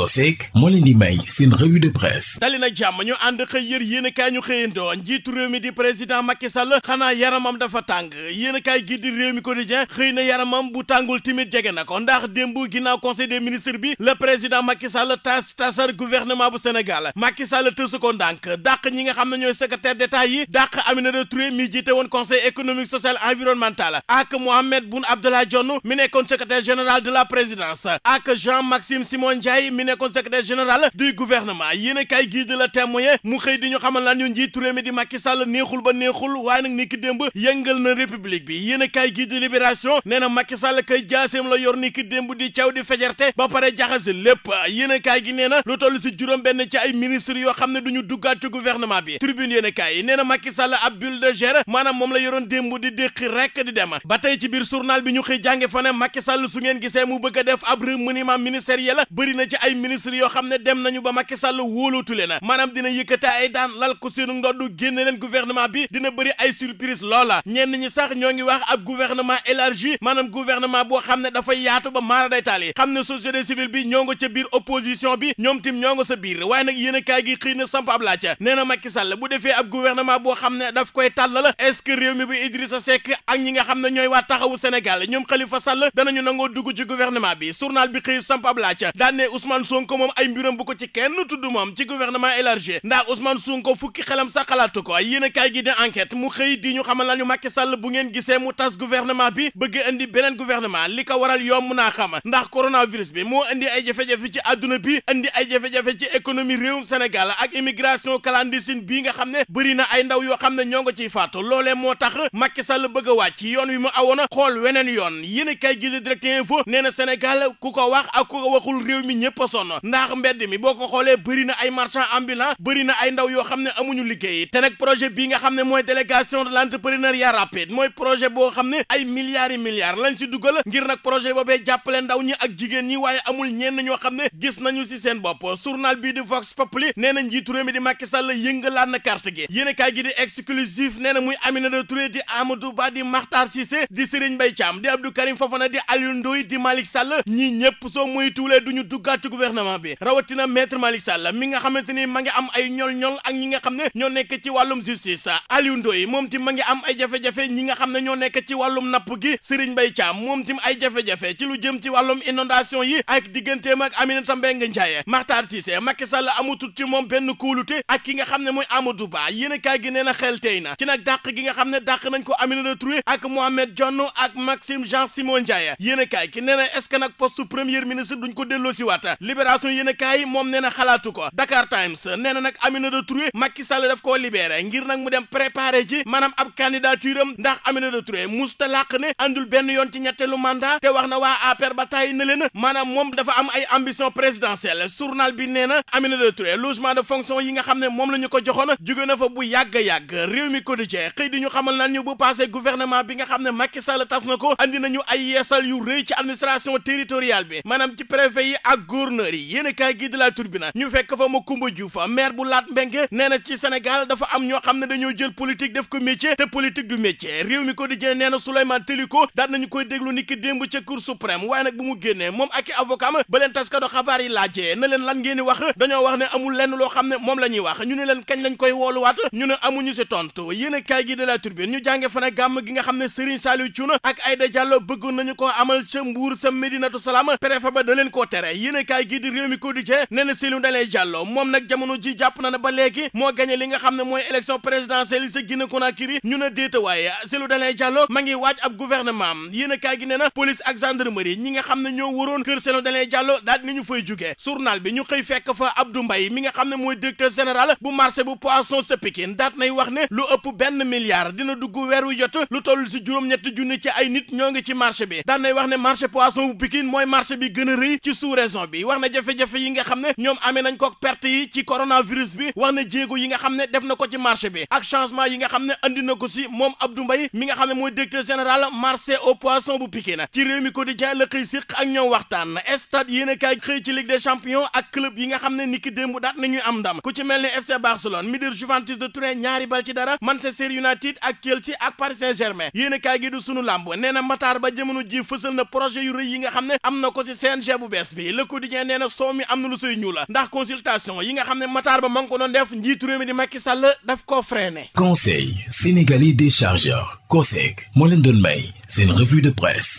Gosek moo leen di may seen revue de presse dali na jàmm ñu ànd xëy yër yéenekaay ñu xëyandoo njiitu réew mi di président Macky Sall xanaa yaramam dafa tàng yéenekaay gi di réew mi quotidien xëy na yaramam bu tàngul timit jege na ko ndax démb ginnaaw conseil des ministres bi le président Macky tas tasar gouvernement bu Sénégal Macky Sall ko ndànk dàq ñi nga xam ne ñooy secrétaire d'État yi dàq Aminata Touré mi jiite woon conseil économique social environnemental nekkoon secrétaire général gouvernement yéen gii di la témoin mu xëy di ñu xamal lan ñu njiitu réew mi di Macky Sall neexul ba neexul waaye nag ni ki démb yëngal na république bi yéen gii di libération nee na Macky Sall kay jaaseem la yor ki démb di caw di fejerte ba pare jaxase lépp yéen a kaay gi nee na lu toll si juróom benn ci ay ministre yoo xam ne du ñu duggaat ci bi tribune yéen a kaay yi nee na Macky Sall ab bulle de guerre maanaam moom la yoroon démb di déqi rek di dem ba tey ci biir journal bi ñu xëy jànge fa ne Macky Sall su ngeen gisee mu bëgg a def ab remaniement ministériel bëri na ci ay ministre yoo xam ne dem nañu ba Macky Sall wóolootu leen maanaam dina yëkkate ay daan lal ko seen ndodd génne leen gouvernement bi dina bëri ay surprise loola ñenn ñi sax ñoo ngi wax ab gouvernement élargi maanaam gouvernement boo xam ne dafa yaatu ba maara day taal yi xam ne société civile bi ñoo nga ca biir opposition bi ñoom tim ñoo nga sa biir waaye nag yéen a kaay gi xëy na samp ab laaj nee na Macky Sall bu defee ab gouvernement boo xam ne daf koy tàllal est-ce que réew mi ak ñi nga xam ne ñooy waa taxawu Sénégal ñoom Khalifa Sall danañu nangoo dugg ci gouvernement bi journal bi xëy samp ab laaj Ousmane Sonko moom ay mbiram bu ko ci kenn tudd moom ci gouvernement élargi ndax Ousmane Sonko fukki xelam sa xalaatu ko yéen a kaay gi di enquête mu xëy di ñu xamal nañu Macky Sall bu ngeen gisee mu tas gouvernement bi bëgg indi beneen gouvernement li ko waral yomb naa xam ndax coronavirus bi moo indi ay jafe-jafe ci àdduna bi indi ay jafe-jafe ci économie réewum Sénégal ak immigration clandestine bii nga xam ne bëri na ay ndaw yoo xam ne ñoo ngi ciy faatu loolee moo tax Macky Sall bëgg a wàcc yoon wi mu awoon xool weneen yoon yéen a kaay gi di direct info ko wax ak ku sonn ndax mbedd mi boo ko xoolee bëri na ay marchand ambulant bëri na ay ndaw yoo xam ne amuñu liggéey te nag projet bii nga xam ne mooy délégation de l'entrepreneuriat rapide mooy projet boo xam ne ay milliards yi milliards lañ si dugal ngir nag projet boobee jàppale ndaw ñi ak jigéen ñi waaye amul ñenn ñoo xam ne gis nañu si seen bopp journal bii di popp Populi nee na njiitu réew mi di Macky Sall yëngalaan na carte gi yéen kaay gi di exclusif nee na muy Aminata Touré di Amadou Ba di Makhtar Cissé di Serigne Mbaye Thiam di Abdou Karim Fofana di Aliou Ndoye di Malick Sall ñii ñëpp soo muy tuulee duñu duggaat gouvernement bi rawatina maître Malick Sall mi nga xamante ni ma ngi am ay ñol-ñol ak ñi nga xam ne ñoo nekk ci wàllum justice Aliou Ndoye moom tim ma ngi am ay jafe-jafe ñi nga xam ne ñoo nekk ci wàllum napp gi Serigne Mbaye Thiam moom tim ay jafe-jafe ci lu jëm ci wàllum inondation yi ak digganteem ak Aminata Mbengue Ndiaye Makhtar ma Macky Sall amutut ci moom benn kóolute ak ki nga xam ne mooy Amadou Ba yéen a kaay gi nee na xel tey na ci gi nga xam ne dàq nañ ko Aminata Touré ak Mohamed Dionne ak Maxime Jean Simon Ndiaye yéen a kaay ki nee na est-ce libération yéen a kaay moom nee na xalaatu ko Dakar Times nee na nag Aminata Touré Macky Sall daf ko libéré ngir nag mu dem préparé ci maanaam ab candidature am ndax Aminata Touré musta làq ne andul benn yoon ci ñetteelu mandat te wax na waa APR ba tàyyi na maanaam moom dafa am ay ambition présidentielle journal bi nee na Aminata Touré logement de fonction yi nga xam ne moom la ñu ko joxoon jóge na fa bu yàgg a yàgg réew mi quotidien xëy di ñu xamal na ñu bu bi nga xam ne Macky Sall tas ko andi nañu ay yeesal yu bi maanaam ci préfet yi gouverneurs kaay gi de la Tribune ñu fekk fa Macoumba Diouf maire bu Laat Mbengue nee ci Sénégal dafa am ñoo xam ne dañoo jël politique def ko métier te politique du métier réew mi ko di jëlee nee na Souleymane Téliko nañu koy déglu niki démb ca Cour suprême waaye nag bu mu génnee moom ak i avocat ma ba leen taskado xabaar yi laajee na leen lan ngeen wax dañoo wax ne amul lenn loo xam ne moom la wax ñu ne leen kañ lañ koy wooluwaat ñu ne amuñu si tontu gi di réew mi quotidien nee na Cellou Dalein Diallo moom nag jamono ji jàpp na na ba léegi moo gañe li nga xam ne mooy élection présidentielle sa Guinée Conakry ñu ne déeta waaye Cellou Dalein Diallo ma ngi waaj ab gouvernement yéen kaa kaay gi nee na police ak gendarmerie ñi nga xam ne ñoo waroon kër Cellou Dalein Diallo daal ni ñu fay jugee journal bi ñu xëy fekk fa du mbay mi nga xam ne mooy directeur général bu marché bu poisson sa Pikine daat nay wax ne lu ëpp benn milliard dina dugg weer wu jot lu toll si juróom-ñetti junni ci ay nit ñoo ngi ci marché bi daat nay wax ne marché poisson bu Pikine mooy marché bi gën a rëy ci sous bi wax na jafe-jafe yi nga xam ne ñoom amee nañ ko perte yi ci coronavirus bi wax na jéego yi nga xam ne def na ko ci marché bi ak changement yi nga xam ne andi na ko si moom du mbay mi nga xam ne mooy directeur général marché au poisson bu Pikine ci réew mi quotidien la xëy siq ak ñoom waxtaan stade yéen a kaay xëy ci ligue des champions ak club yi nga xam ne niki démb daat nañuy am ndam ku ci mel ni FC Barcelone mi dir Juventus de Turin ñaari bal ci dara Manchester United ak Chelsea ak Paris Saint-Germain yéen a kaay làmb nee na Matar ba jamono ji fësal na projet yu yi nga xam ne am na ko si bu bees bi nee na soow mi am na lu sooy ñuula ndax consultation yi nga xam ne Matar Ba ma ngi ko doon def njiitu réew mi di Macky Sall daf koo freiné. Conseil sénégalais des chargeurs COSEC moo leen doon may seen revue de presse.